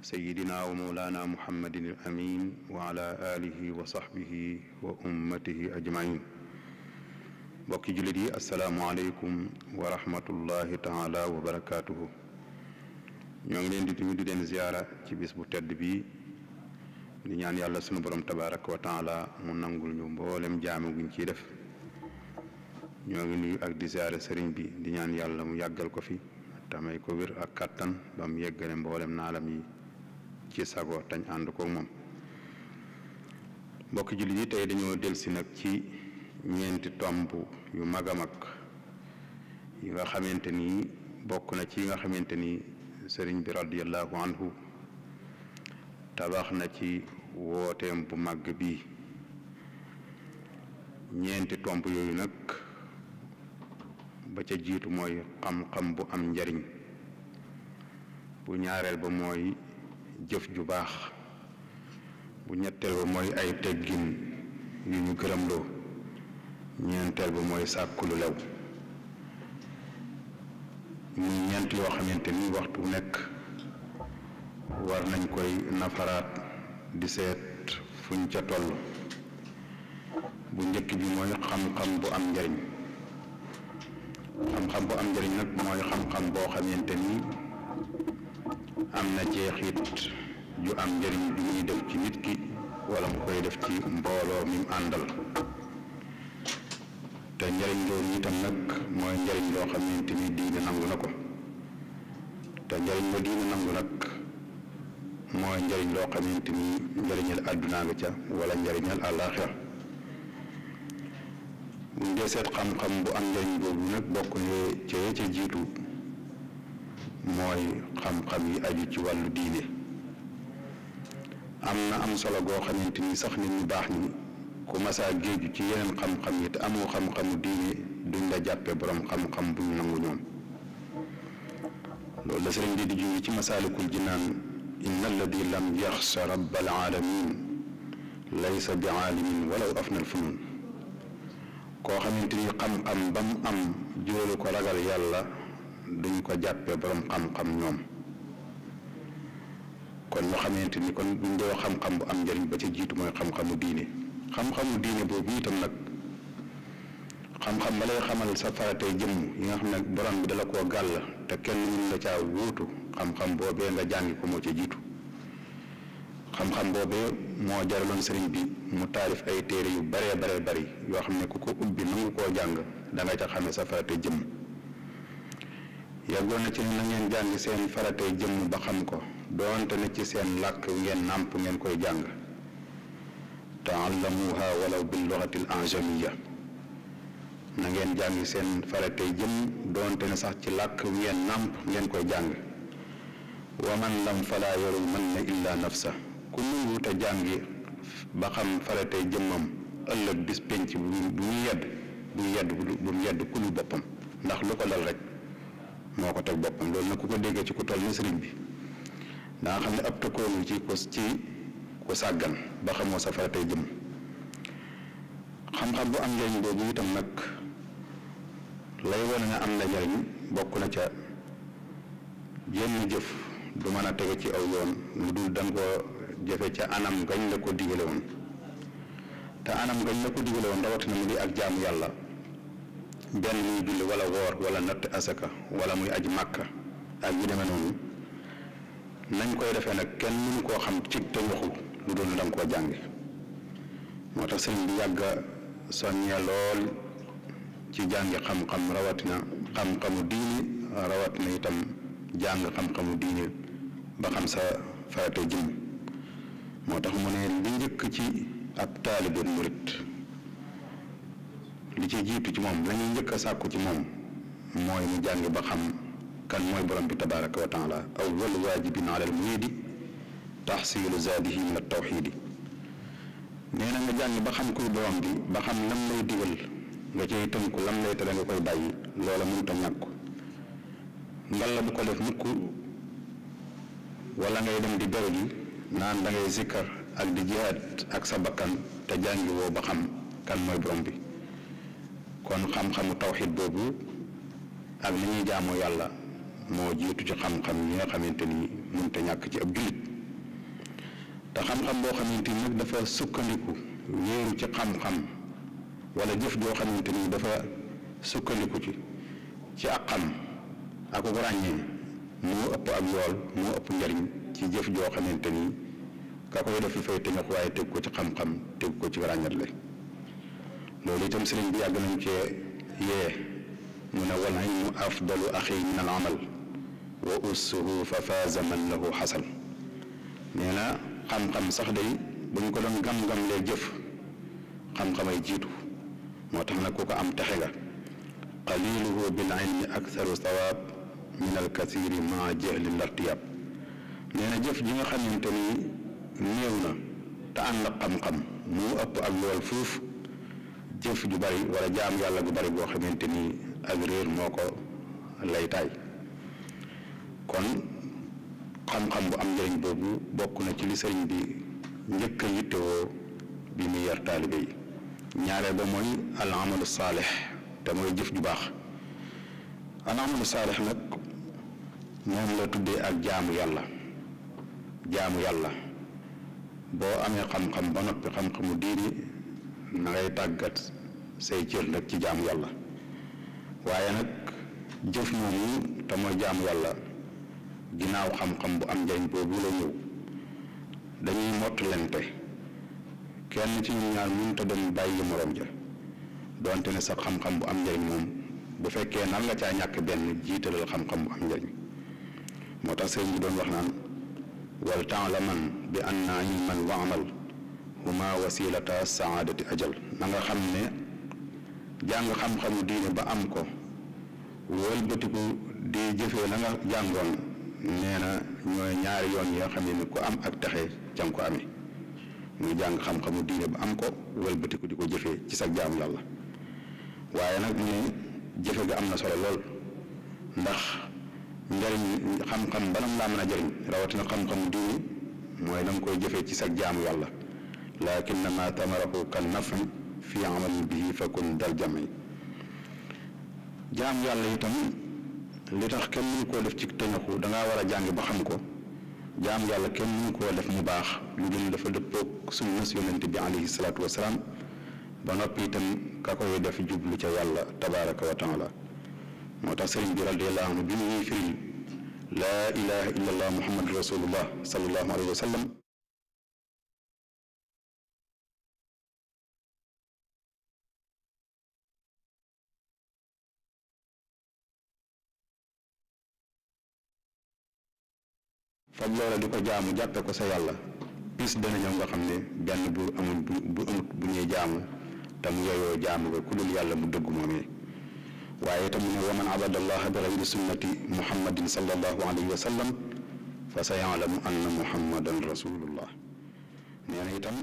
sayidina wa mawlana muhammadin al amin wa ala alihi wa sahbihi wa ummatihi ajmain mbokki jullit yi asalaamualeykum wa rahmatullahi taala wa barakaatuhu ñoo ngi leen di nuyu di leen ziyaara ci bis bu tedd bi di ñaan yàlla sunu borom tabaaraka wa taala mu nangul ñu mboolem jaamu guñ ciy def ñoo ngi nuyu ak di ziyaara sëriñ bi di ñaan yàlla mu yàggal ko fi tamay ko wér ak kàttan ba mu yeggale mboolem naalam ci sago tañ ànd ko moom mbokki jullit yi tey dañoo delsi nag ci ñeenti tomb yu mag a mag yi nga xamante ni bokk na ci yi nga xamante ni sëriñ bi radiallahu anhu tabax na ci wooteem bu màgg bi ñeenti tomb yooyu nag ba ca jiitu mooy xam-xam bu am njariñ bu ñaareel ba mooy jëf ju baax bu ñetteel ba mooy ay teggin yu ñu gërëmloo ñeenteel ba mooy sàkku lu lew muy ñeent yoo xamante ni waxtu nekk war nañ koy nafaraat di seet fuñ ca toll bu njëkk bi mooy xam-xam bu am njariñ xam-xam bu am njariñ nag mooy xam-xam boo xamante ni am na jeexit ju am njëriñ ju muy def ci nit ki wala mu koy def ci mbooloo mi mu àndal te njëriñ loolu itam nag mooy njëriñ loo xamante ni diine na ko te njëriñ la diine nangu nag mooy njariñ loo xamante ni njëriñal àdduna nga ca wala njëriñal àllaaxira buñ dee seet xam-xam bu am njëriñ boobu nag bokk ne ca ca jiitu mooy xam-xam yi aju ci wàllu diine am na am solo goo xamante ni sax nit ñu baax ni ku masaa géeju ci yeneen xam-xam yi te amoo xam-xamu diine duñ la jàppee boroom xam-xam buñ nangu ñoom loolu la sëriñ bi di jungi ci masaalikul jinaan inna alladi lam yaxsa rabbal alamin laysa bi aalimin walaw afnal funun koo xamante nii xam-xam ba mu am jóolu ko ragal yàlla duñ ko jàppee borom xam-xam ñoom kon ñu xamante ni kon buñ dee xam-xam bu am njëriñ ba ci jiitu mooy xam-xamu diine xam-xamu diine boobu itam nag xam-xam ba lay xamal sa faratee jëmm yi nga xam ne borom bi dala koo gàll te kenn mënu la caa wuutu xam-xam boobee nga jàngi ko moo ca jiitu xam-xam boobee moo jaraloon sëriñ bi mu taarif ay téere yu bare baree bari yoo xam ne ku ko ubbi nangu koo jàng da nga ca xamee sa faratee jëmm yàggoon na ci ne na ngeen jàng seen faratay jëmm ba xam ko doonte ne ci seen làkk ngeen nàmp ngeen koy jàng taallamuha walaw bil lughati al ajamiyya na ngeen jàng seen faratay jëmm doonte ne sax ci làkk ngeen nàmp ngeen koy jàng wa man lam falaa yarumanna illa nafsa ku nanguwut a jàngi ba xam faratay jëmmam ëllëg bis penc bu muy yedd bu yedd bu yedd ku lu boppam ndax lu ko dal rek moo ko teg boppam loolu na ku ko déggee ci ku toll ni bi daa xam ne ab tëkkoonu ci ku ci ku sàggan ba xamoo safara tey jëm xam-xam bu am njariñ boobu itam nag lay wane ne am na njariñ bokk na ca jenn jëf du mën a tege ci aw yoon lu dul danga ko jafe ca anam gañ la ko digale woon te anam gañ la ko digale woon rawatina mu ak jaamu yàlla benn muy julli wala woor wala natt asaka wala muy aji màkka ak yu deme noonu nañ koy defee nag kenn mënu koo xam ci te waxu lu doon da koo jànge moo tax sëriñ bi yàgg a soññee lool ci jàngi xam-xam rawatina xam-xamu diini jàng xam-xamu diini ba moo tax mu ne li njëkk ci ab taalibe murit li ci jiitu ci moom la ñuy njëkk a sàkku ci moom mooy mu jàng ba xam kan mooy borom bi tabaraka wa taala awwal waajibin alal mu taxsiilu zaadihi min at-tawxiidi nee na nga jàng ba xam kuy borom bi ba xam lam lay digal nga cay tënku lam lay tere nga koy bàyyi loola mënut a ñàkk ngal la bu ko def mukk wala ngay dem di beru ji naan da ngay zikkar ak di jihaat ak sa bakkan te jàngi woo ba xam kan mooy borom bi kon xam-xamu tawxid boobu ak li jaamoo yàlla moo jiitu ci xam-xam yi nga xamante ni mënta ñàkk ci ab jullit te xam-xam boo xamante ni nag dafa sukkandiku wéeru ci xam wala jëf joo xamante ni dafa sukkandiku ci ci ak xam ak ko ràññee moo ëpp ak yool moo ëpp njariñ ci jëf joo xamante ni ka koy def fay tëñëx waaye teg ko ci xam-xam teg ko ci ràññatle loolu itam sëriñ bi yàgg nañ cee yee mu a wal ilmu afdalu axi min al amal wa ussuhu fa faaza man lahu xasal nee xam-xam sax day bu ñu ko doon gam-gam lee jëf xam-xamay jiitu moo tax nag ku ko am texe nga qaliluhu bil ilmi aktharu sawaab min al kasiri maa jëf ji nga xamante ni néew na te xam-xam mu ëpp ak lool fuuf jëf ju bari wala jaam yàlla gu bari boo xamante ni ak réer moo ko lay taay kon xam-xam bu am njëriñ boobu bokk na ci li sëriñ bi njëkk a yittewoo bi muy yar taalibe yi ñaareel ba mooy al amalu saalix te mooy jëf ju baax al amalu saalix nag moom la tuddee ak jaamu yàlla jaamu yàlla boo amee xam-xam ba noppi xam-xamu diini na ngay tàggat say cër nag ci jaam yàlla waaye nag jëf moomu te mooy jaam yàlla ginnaaw xam-xam bu am njariñ boobu la ñëw dañuy mottalante kenn ci ñu ñaar mënut a dem bàyyi morom ja doonte ne sa xam-xam bu am njariñ moom bu fekkee nan nga caa ñàkk benn jiitalal xam-xam bu am njariñ moo tax sëriñ bi doon wax naan wal ta'laman bi anna ilman wa amal wa ma wasilata saadati ajal na nga xam ne jàng xam-xamu diine ba am ko wëlbatiku di jëfee la nga jàngoon nee na ñooy ñaari yoon yi nga xam ne ni ku am ak taxe ca nga ko jàng xam-xamu diine ba am ko wëlbatiku di ko jëfe ci sag jaamu yàlla waaye nag mu ne jëfe ga am na solo lool ndax njariñ xam-xam banam laa mën a jariñ rawatina xam-xamu diine mooy na koy jëfee ci sag jaamu yàlla lakinnamaa tamarahu kan nafi fi amalin bihi fakun dal jami jaam yàlla itam li tax kenn mënu koo def ci tëñaxu dangaa war a jàng ba xam ko jaam yàlla kenn mënu koo def mu baax lu dul dafa dëppoog sunnas yonent bi alayhi salaatu wasalaam ba noppi itam ka koy def ca yàlla tabaraka wa taala moo tax sëriñ bi radiallahu anhu bi mu ñuy firil laa ilaha illa allah muhammadu rasulullah sallallahu alayhi wa sallam fab loola di ko jaamu jàppe ko sa yàlla bis dana ñëw nga xam ne benn bu amul bu amut bu ñuy jaamu te mu yeyoo jaamu ko ku dul yàlla mu dëgg moomee waaye itam mu ne wa man abadallaha bi gayri sunnati muhammadin sallallahu alayhi wa sallam fa sa yaalamu anna muhammadan rasulullah nee na itam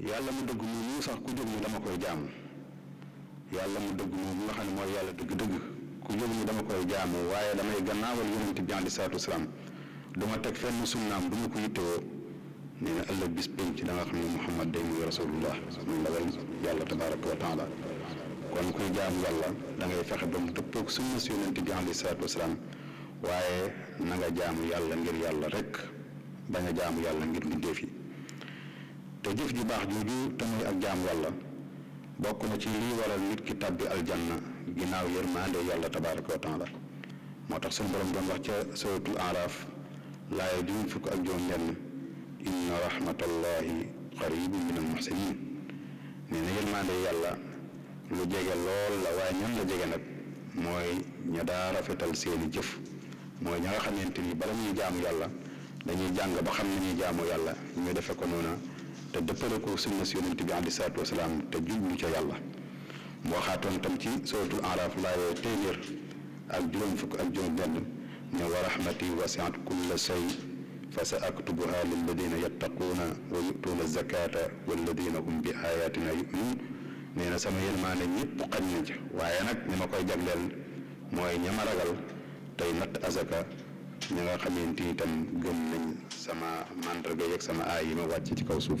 yàlla mu dëgg moomu sax ku jóg ni dama koy jaamu yàlla mu dëgg mu nga xam ne mooy yàlla dëgg-dëgg ku jóg ni dama koy jaamu waaye damay gannaawal yonent bi alayhi salaatu wasalaam duma teg fenn sunnaam du ma ko yittewoo nee na ëllëg bis penc da nga xam ne Muhammad day muy rasulullah muy ndawal yàlla tabaraka wa taala kon kuy jaam yàlla da ngay fexe ba mu dëppoog sunna si yonent bi alayhi salaatu wasalaam waaye na nga jaamu yàlla ngir yàlla rek ba nga jaamu yàlla ngir mbindéef yi te jëf ju baax jooju te muy ak jaam yàlla bokk na ci lii waral nit ki tàbbi aljanna ginnaaw yërmaande yàlla tabaraka wa taala moo tax suñu borom doon ca suratul Araf laaya juróom fukk ak juróom benn inna rahmatallahi qaribun min almuhsinin nee na yërmande yàlla lu jege lool la waaye ñan la jege nag mooy ña daa rafetal seeni jëf mooy ña nga xamante ni bala ñuy jaamu yàlla dañuy jàng ba xam ne ñuy jaamu yàlla ñu defe ko noona te dëppale ko sunna si yonent bi aleyhi salaatu wasalaam te jublu ca yàlla mu waxaatoon tam ci suratul araf laaye téeméer ak juróom fukk ak juróom benn ne wa rahmati wasiat kulla shay fa sa aktubuha lilladina yattaquuna wa yutuuna zakata walladina hum bi ayatina yuminuun nee na sama yërmaande ñëpp xaj na ca waaye nag ñi ma koy jagleel mooy ña ma ragal tey natt asaka ñi nga xamante ni itam gëm nañ sama mandarga yeeg sama aay yi ma wàcc ci kaw suuf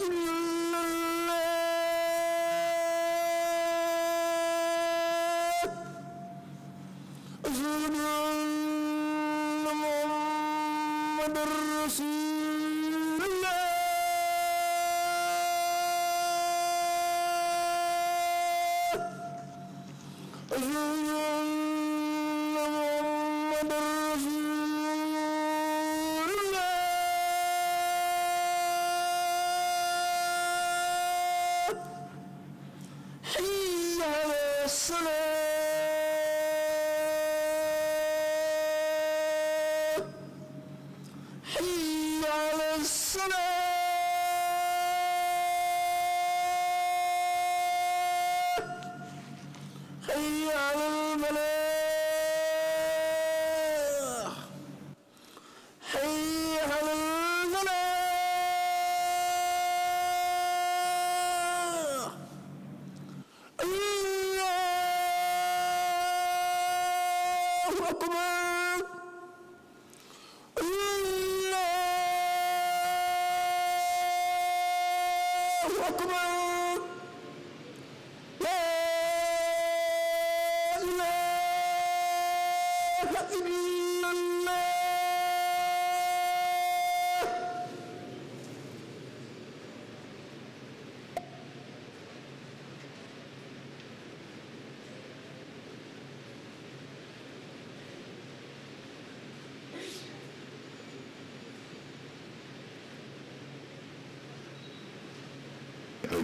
Union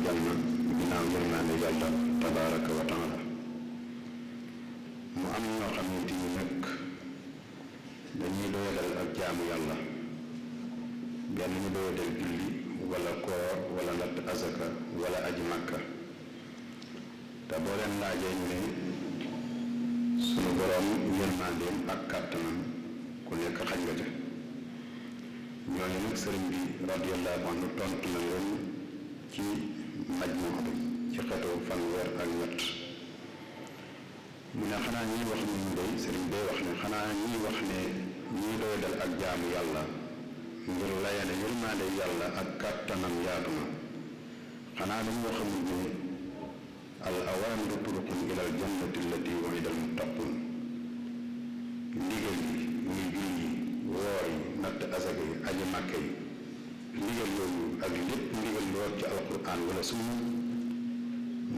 jàmm ginnaaw yërmaande yàlla tabaraka wa taala mu am ñoo xamante ni nag dañuy doyadal ak jaamu yàlla benn ñu doyadal julli wala koor wala natt asaka wala aji màkka te boo leen laajee ñu ne sunu boroom yërmaandeem ak kàttanam ku nekk xañ nga ca ñooñu nag sëriñ bi radiyallahu anhu tontu na leen ci maj na ko ci xetu fanweer ak ñett mu ne xanaa ñiy wax ne ñu day sëriñ day wax ne xanaa ñiy wax ne ñii doy dal ak jaamu yàlla ngir layane yërmaande yàlla ak kàttanam yaatu na xanaa dañoo xamul ne al awaamiru turuqun ilal jannati allati wa'ida al muttaqun ndigal yi muy julli yi woor yi natt asaka yi aji màkk yi ndigal yooyu ak lépp ndigal lu wax ci alquran wala sunna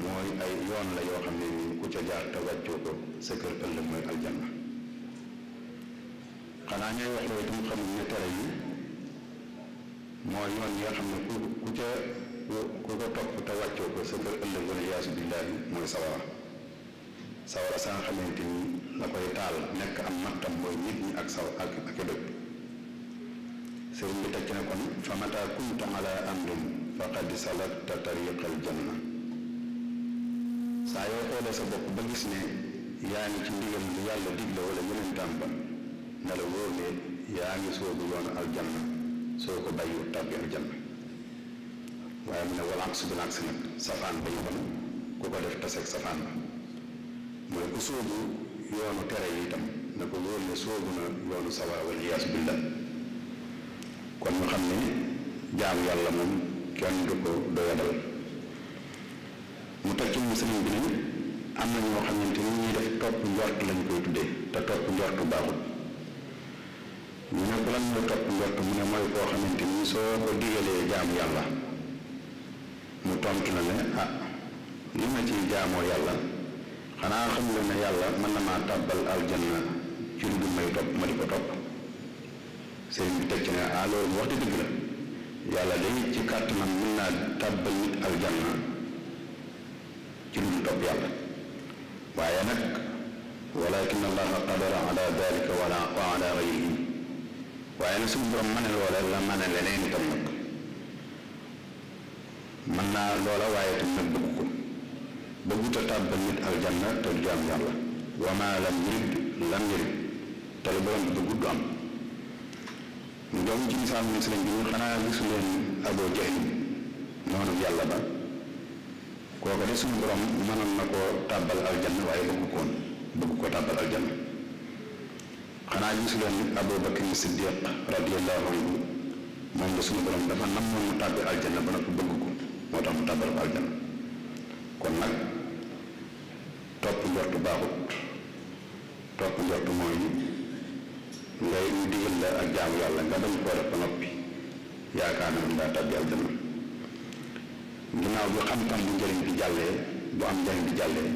mooy ay yoon la yoo xam ne nii ku ca jaar te wàccoo ko sa kër ëllëg mooy aljanna xanaa ñooy wax loolu itam xamul ne tere yi mooy yoon yi nga xam ne ku ku ca ku ko topp te wàccoo ko sa kër ëllëg wala yaasu billaahi mooy sawara sawara sa nga xamante ni la koy taal nekk am mattam mooy nit ñi ak saw ak ak dëkk sëriñ bi teg ci ne kon fa mata kuntu ala amrin faqad salakta tariqa al janna saa yoo xoolee sa bopp ba gis ne yaa ngi ci ndigal bi yàlla digle wala yeneen tàmba na la wóor ne yaa ngi soobu yoon al janna soo ko bàyyiwut tàbbi al janna waaye mu ne wala ak subi naag nag safaan ba ñu bon ku ko def taseeg safaan ba mooy ku soobu yoonu tere yi itam na ko wóor ne soobu na yoonu sawara wala yaasu billah kon ñu xam ne jaam yàlla moom kenn du ko doyadal mu teg ci moom sëriñ bi ne am na ñoo xamante ni ñuy def topp njort lañ koy tuddee te topp njort baaxul ñu ne ko lan mooy topp njort mu ne mooy koo xamante ni soo ko digalee jaam yàlla mu tontu na ne ah li ma ciy jaamoo yàlla xanaa xam nga ne yàlla mën na maa tàbbal aljanna ci lu may topp ma di ko topp sëriñ bi teg ci ah, loolu wax dëgg la yàlla day ci kàttanam mën naa tàbbal nit aljanna ci lu dul topp yàlla waaye nag walakin allaha qadara ala dalika wala waaye nag suñu borom mane loola la mane leneen itam nag mën naa loola waaye itam nag bëgg ko bëggut tàbbal nit aljanna te du yàlla wa ma lam yurid lam yurid te lu borom am loolu ci misaal moom sëriñ bi xanaa gisu leen abo jaxin noonu yàlla ba kooku de suñu borom leen abo bakrin siddiq moom mu tàbbi aljanna ba na ko bëgg ko moo tax mu tàbbal ko aljanna kon nag topp njortu baaxut topp njortu mooy ngay ñu digal la ak jaamu yàlla nga bañ koo def ba noppi yaakaar na daa tàbbi aljana ginnaaw bi xam-xam bu njëriñ bi jàllee bu am njëriñ bi jàllee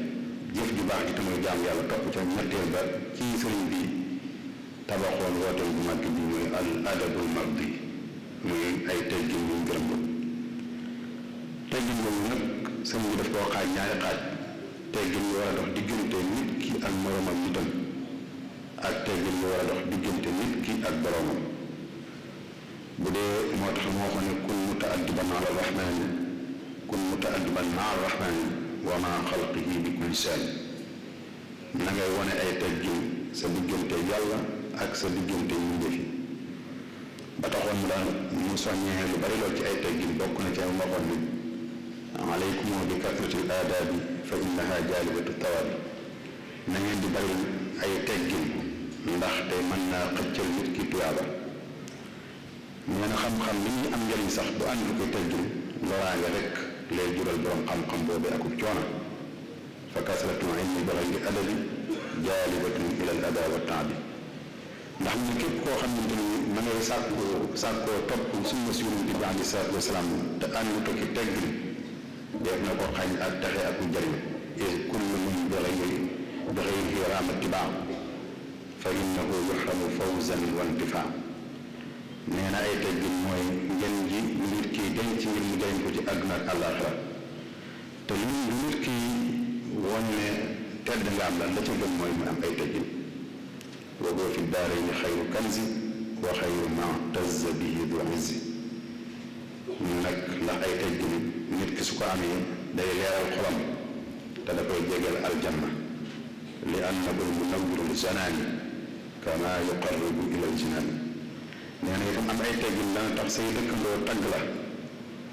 jëf ju baax ji te mooy jaamu yàlla topp ca ñetteel ba ci sëriñ bi tabaxoon wooteel bu màgg bi mooy adabul mag bi muy ay teggin yu gërëm ko teggin boobu nag sëriñ bi daf koo xaaj ñaari xaaj teggin yu war dox diggante nit ki ak moromam nitam ak teggin yi war a dox diggante nit ki ak boroomam bu dee moo tax moo xam ne kun mutaaddiban ala rahmaani rahmaani wa maa xalqihi bi kulli saan na ngay wone ay teggin sa diggante yàlla ak sa diggante mbindéef yi ba taxoon mu daan mu soññee lu bari lool ci ay teggin bokk na ci ay waxoon ni alaykum bi kasrati aadaabi fa innaha jaalibatu tawaabi na ngeen di bari ay teggin ndaxte mën naa xëccal nit ki tuyaaba nee xam-xam li ñuy am njariñ sax bu ànd koy teggin loraange rek lay jural borom xam-xam boobee akub coono fa kasratu ilmi bi ghayri adabi jaalibatun ilal adaa wa taabi ndax mu képp koo xam ne ma ngay sàkkoo sàkkoo topp sunna si yonent bi aleyhi salaatu wasalaam te ànd ko ci teggin def na ko xañ ak taxe ak njariñ et kullu min bi ghayri bi ghayri raama tibaa fa innahu yuxramu fawzan wa intifaa nee na ay teggin mooy ngeen ji lu nit kii denc ngir mu jëriñ ko ci àdduna ak àllaaxira te lu nit kii woon ne tedd nga am la la ca gën mooy mu am ay teggin wa huwa fi daarayni xayru kanzi wa xayru ma tazza bihi du izzi nag ndax ay teggin nit ki su ko amee day leeral xolam te da koy jegeel aljanna li annahu al munawwiru li janaani kama yuqarribu ilal jinaan nee na itam am ay teggin dana tax say dëkkandoo tagg la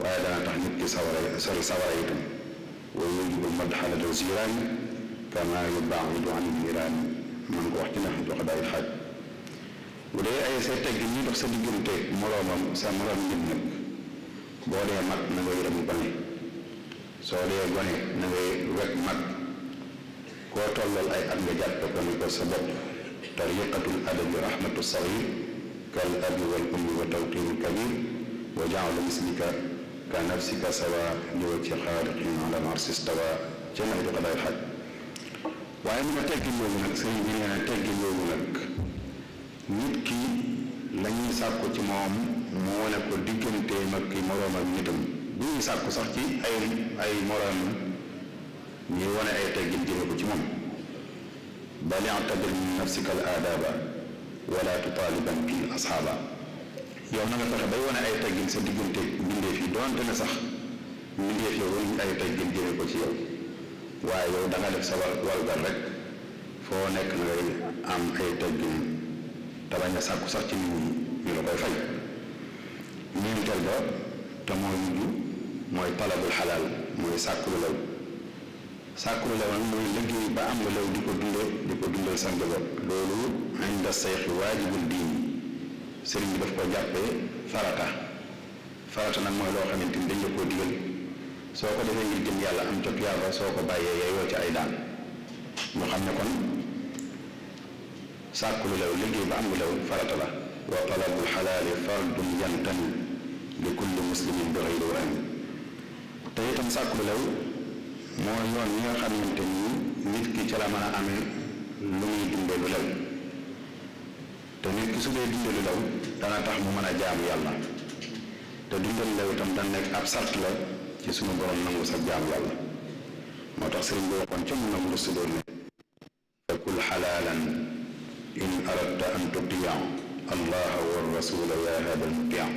waaye a tax nit ki sawara sori sawara itam wa yujibu madxalata ziiraan kama yubaaxidu an niiraan man ko wax ci nax jox daay xaaj bu dee ay say teggin ñuy dox sa diggante moroomam sa moroom nit nag boo dee mag na nga yërëm gone soo dee gone na ngay wekk mag koo tollal ay at nga jàppe ko ni ko sa tariqatul adabi rahmatu sagir kal abi wal ummi wa tawqiru kabir wa jaala mislika ka nafsika sawa li wajhi xaaliqin ala marsi stawa ca nay waaye mun a teggin boobu nag sëñ bi nee na teggin boobu nag nit ki la ñuy ci moom moo ne ko digganteem ak ki moroom ak nitam bu ñuy sàkku sax ci ay ay moroomam ñuy wane ay teggin jëme ko ci moom bal i'tabir min nafsika al aadaaba wala tutaaliban bi asxaaba yow ay teggin sa diggante mbindeef yi ne sax mbindeef yow waruñ ay teggin jëme waaye yow da def sa wal walgal rek na ngay am ay teggin sàkku sax ci nit ñi ñu la koy fay ñeenteel ba te mooy mujj mooy talabul xalaal mooy sàkku law sàkkul la na muy liggéey ba am la di ko dundee di ko dundal sa njaboot loolu añ da saytu waajibul diin sëriñ bi daf ko jàppee farata farata nag mooy loo xamante ni dañ la koo digal soo ko defee ngir jëm yàlla am ca tuyaaba soo ko bàyyee yaayoo ci ay daan mu xam ne kon sàkkul la liggéey ba am la farata la wa talabul xalaali fardun yantani li kulli muslimin bi xëy te itam sàkkul la mooy yoon yi nga xamante ni nit ki ca la mën a amee lu muy dunde lu lew te nit ki su dee dunde lu lew dana tax mu mën a jaamu yàlla te dunde lu lew itam dana nekk ab sart la ci sunu borom nangu sa jaamu yàlla moo tax sëriñ bi waxoon ca mu nangu lu sudoon ne fakul xalaalan in aradta an tutiyaa allah wa rasula ya hada almutiyaa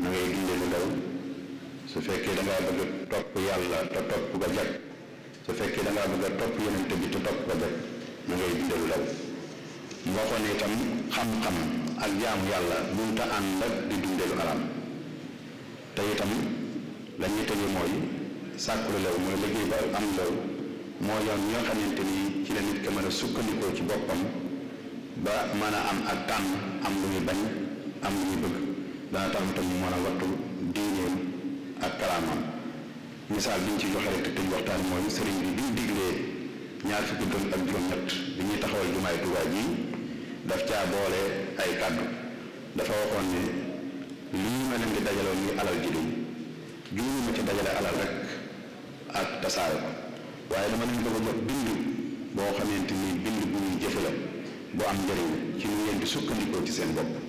na ngay lu lew su fekkee da ngaa bëgg a topp yàlla te topp ga jag su fekkee da bëgg a topp yonente bi te topp ga jag na ngay dundal law moo ko itam xam-xam ak jaamu yàlla mënta ànd ak di dundeelu alam te itam la ñuy tege mooy sàkkulu lew mooy am lew moo yoon ñoo xamante ni ci la nit ka a sukkandikoo ci boppam ba mën a am ak tànn am lu muy bañ am lu muy bëgg dana tax itam mu mën a wattu diineem ak karaamam misaal bi ñu ci joxe rek tëj waxtaan mooy sëriñ bi bi ñu diglee ñaar fukki dërëm ak juróom-ñett bi ñuy taxawal jumaay Tuubaa ji daf caa boole ay kàddu dafa waxoon ne lii ma leen di dajaloon muy alal ji duñ juumu ma ci dajale alal rek ak tasaare ko waaye dama leen bëgg a jox bind boo xamante ni bind bu ñuy jëfe la bu am njëriñ ci nu ngeen di sukkandikoo ci seen bopp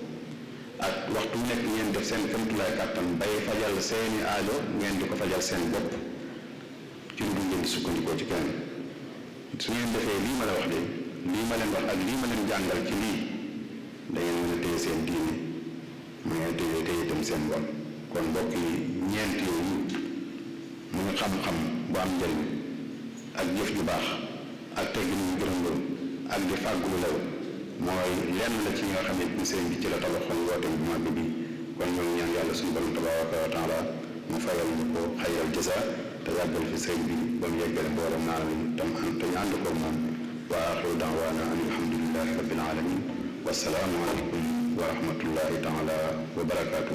ak waxtu nekk ngeen def seen kamtulaay kàttan bay fajal seeni aajo ngeen di ko fajal seen bopp ci lu dul ngeen sukkandikoo ci kenn su ngeen defee lii ma la wax de lii ma leen wax ak lii ma leen jàngal ci lii da ngeen mën a seen diine ma ngeen téye téye itam seen bon kon mbokk yi ñeent yooyu muy xam-xam bu am njëriñ ak jëf ju baax ak teggin mu gërëm ak di fàggulu lew mooy lenn la ci nga xam ne bi sëriñ bi ci la tabaxoon woote bu màgg bi kon ñoo ngi ñaan yàlla suñu borom tabaraka wa taala mu fayal ñu ko xayral jasa te yàggal tam te ñu ànd ko moom wa axiru daawaana an alhamdulilahi rabbil alamin wasalaamu aleykum wa rahmatullahi taala wa barakaatu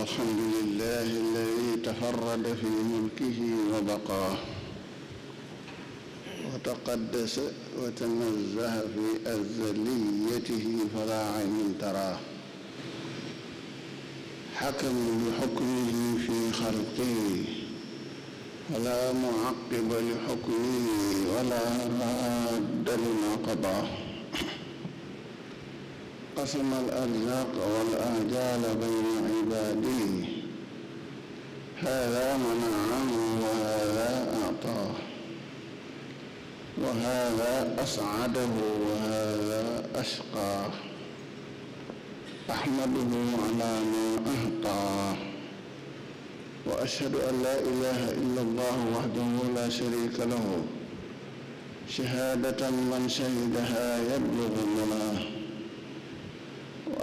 الحمد لله الذي تفرد في ملكه وبقاه وتقدس وتنزه في أزليته فلا عين تراه حكم بحكمه في خلقه ولا معقب لحكمه ولا راد لما قضاه قسم الأرزاق والآجال بين عبادي هذا منع عنه وهذا أعطاه وهذا أسعده وهذا أشقاه أحمده على ما أهطاه وأشهد أن لا إله إلا الله وحده لا شريك له شهادة من شهدها يبلغ منها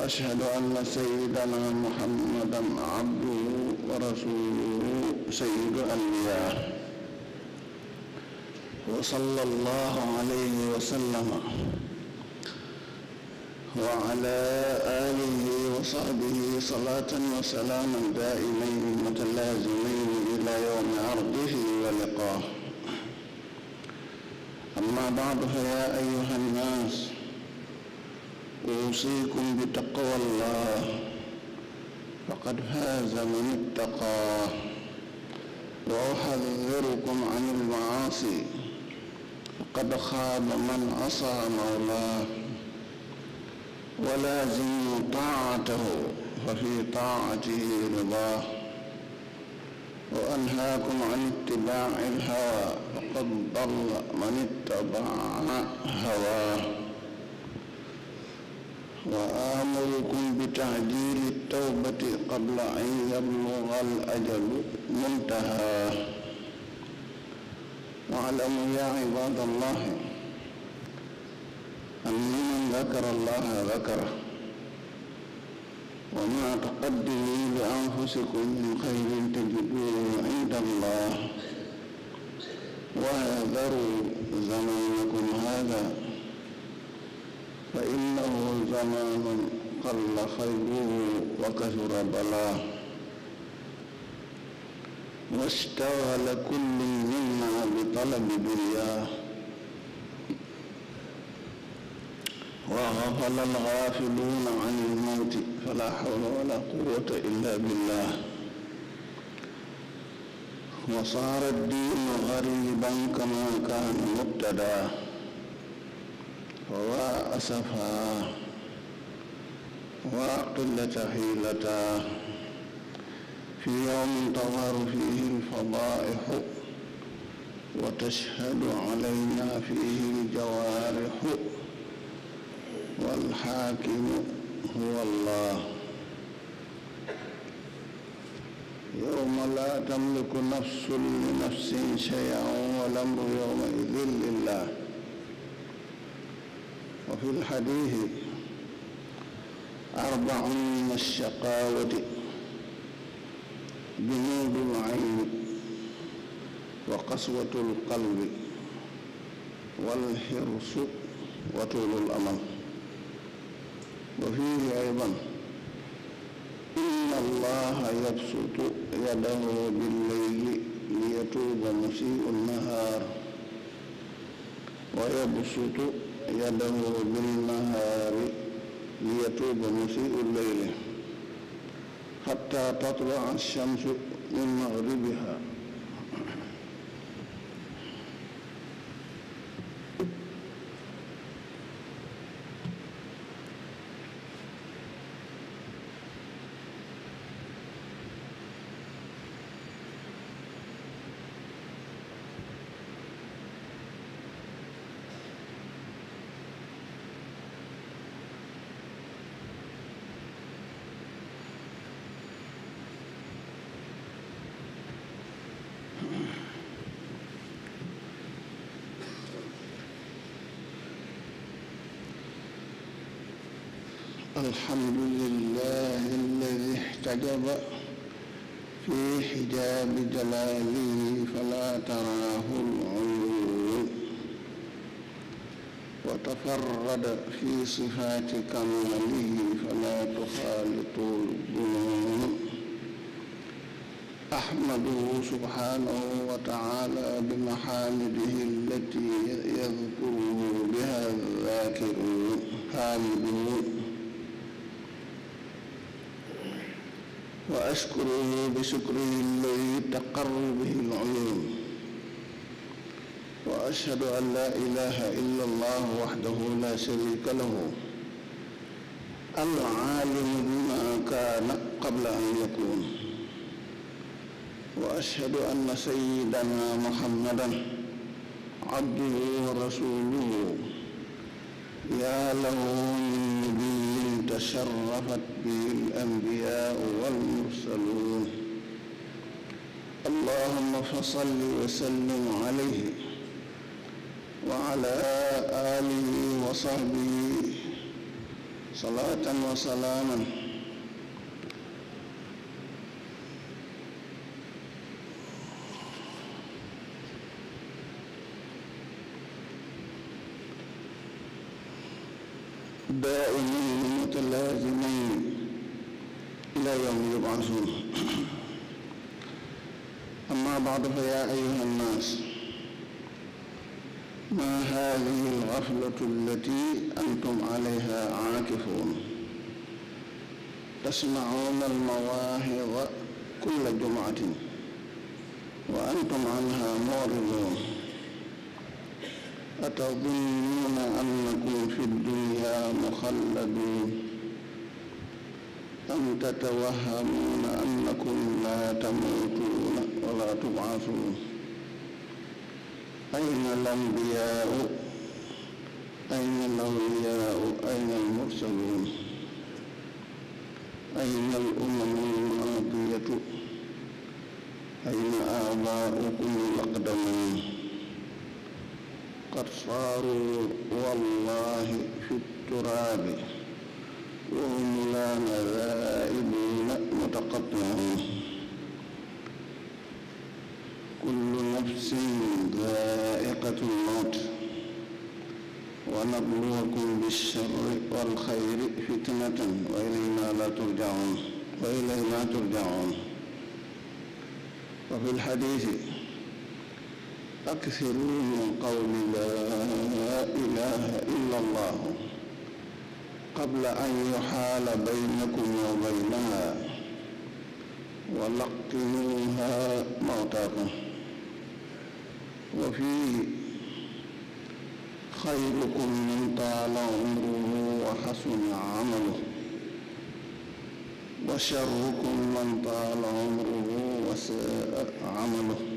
وأشهد أن سيدنا محمدا عبده ورسوله سيد الأنبياء وصلى الله عليه وسلم وعلى آله وصحبه صلاة وسلاما دائمين متلازمين إلى يوم عرضه ولقاه أما بعد فيا أيها الناس أوصيكم بتقوى الله فقد فاز من اتقى وأحذركم عن المعاصي فقد خاب من عصى مولاه ولازموا طاعته ففي طاعته رضاه وأنهاكم عن اتباع الهوى فقد ضل من اتبع هواه وآمركم بتعجيل التوبة قبل أن يبلغ الأجل منتهاه واعلموا يا عباد الله أن من ذكر الله ذكره وما تقدموا لأنفسكم من خير تجدوه عند الله واذروا زمانكم هذا فإنه زمان قل خيره وكثر بلاه واشتغل كل منا بطلب دنياه وغفل الغافلون عن الموت فلا حول ولا قوة إلا بالله وصار الدين غريبا كما كان مبتداه ووا أسفا وقلة حيلتا في يوم تظهر فيه الفضائح وتشهد علينا فيه الجوارح والحاكم هو الله يوم لا تملك نفس لنفس شيئا والأمر يومئذ لله وفي الحديث أربع من الشقاوة جنوب العين وقسوة القلب والحرص وطول الأمل وفيه أيضا إن الله يبسط يده بالليل ليتوب مسيء النهار ويبسط يدمر بالنهار ليتوب مسيء الليل حتى تطلع الشمس من مغربها الحمد لله الذي احتجب في حجاب جلاله فلا تراه العيون وتفرد في صفات كماله فلا تخالط الظنون أحمده سبحانه وتعالى بمحامده التي يذكره بها الذاكرون حامدون وأشكره بشكره الذي تقر به العيون وأشهد أن لا إله إلا الله وحده لا شريك له العالم بما كان قبل أن يكون وأشهد أن سيدنا محمدا عبده ورسوله يا له من نبي تشرفت به الأنبياء والمرسلون اللهم فصل وسلم عليه وعلى آله وصحبه صلاة وسلاما دائمين الشروط اللازمين إلى يوم يبعثون أما بعد فيا أيها الناس ما هذه الغفلة التي أنتم عليها عاكفون تسمعون المواعظ كل جمعة وأنتم عنها معرضون أتظنون أنكم في الدنيا مخلدون أم تتوهمون أنكم لا تموتون ولا تبعثون أين الأنبياء أين الأولياء أين المرسلون أين الأمم الماضية أين آباؤكم الأقدمون قد صاروا والله في التراب وهم لنا ذائبون متقطعون كل نفس ذائقة الموت ونبلوكم بالشر والخير فتنة وإلينا لا ترجعون وإلينا ترجعون وفي الحديث أكثروا من قول لا إله إلا الله قبل أن يحال بينكم وبينها ولقنوها موتاكم وفيه خيركم من طال عمره وحسن عمله وشركم من طال عمره وساء عمله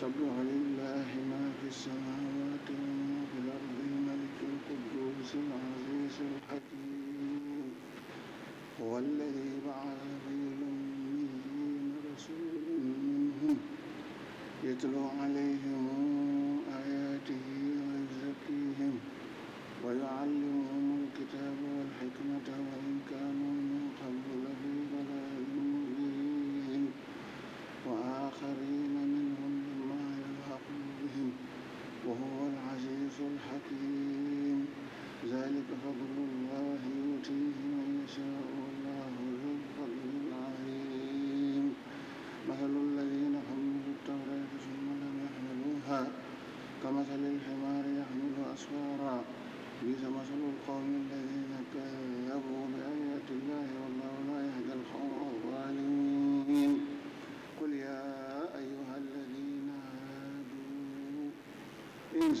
يسبح لله ما في السماوات وما في الأرض الملك القدوس العزيز الحكيم هو الذي بعث في الأميين رسولا منهم يتلو عليهم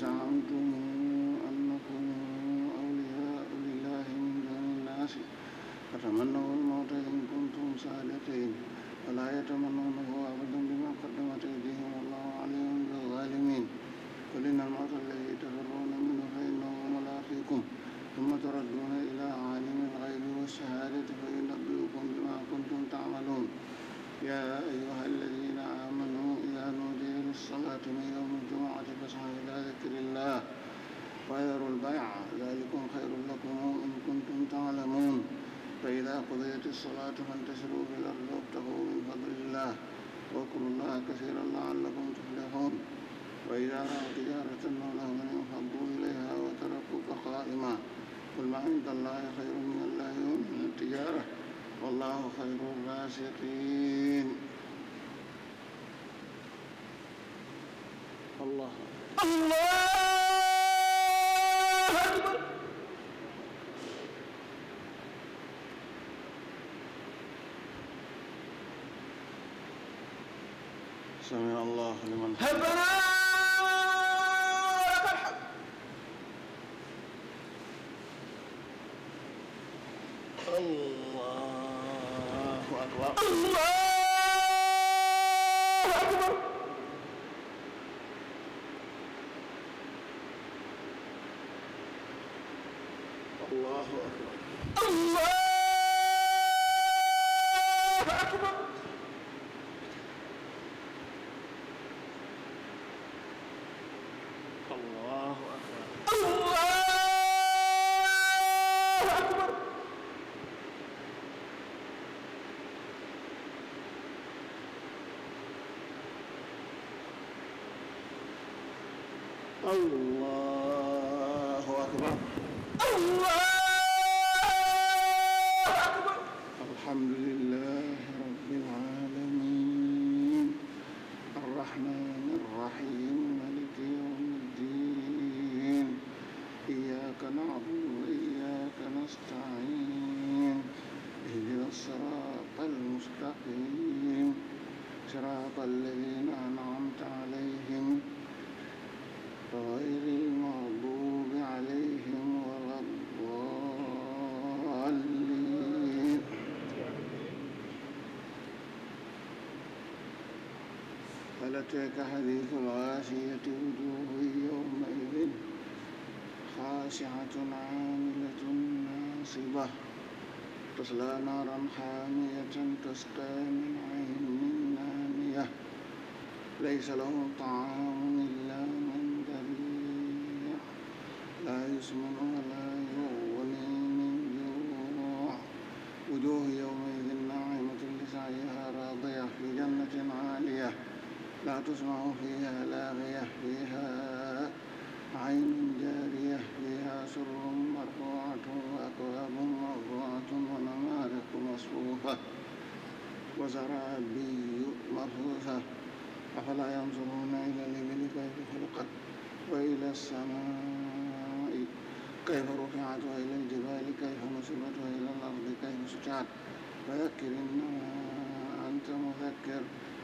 أزعمتم inda allahi xayrun min allahi wa min attijaara wallahu xayru raasiqiin allah akbar sami allahu liman hamidah أو أتاك حديث الغاشية وجوه يومئذ خاشعة عاملة ناصبة تصلى نارا حامية تسقى من عين آنية ليس له طعام إلا من ذريع لا يسمن ولا لا تسمع فيها لاغية فيها عين جارية فيها سر مرفوعة وأكواب مرفوعة ونمارق مصفوفة وزرابي مبثوثة أفلا ينظرون إلى الإبل كيف خلقت وإلى السماء كيف رفعت وإلى الجبال كيف نصبت وإلى الأرض كيف سجعت فذكر إنما أنت مذكر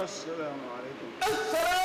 assalaamu aleykum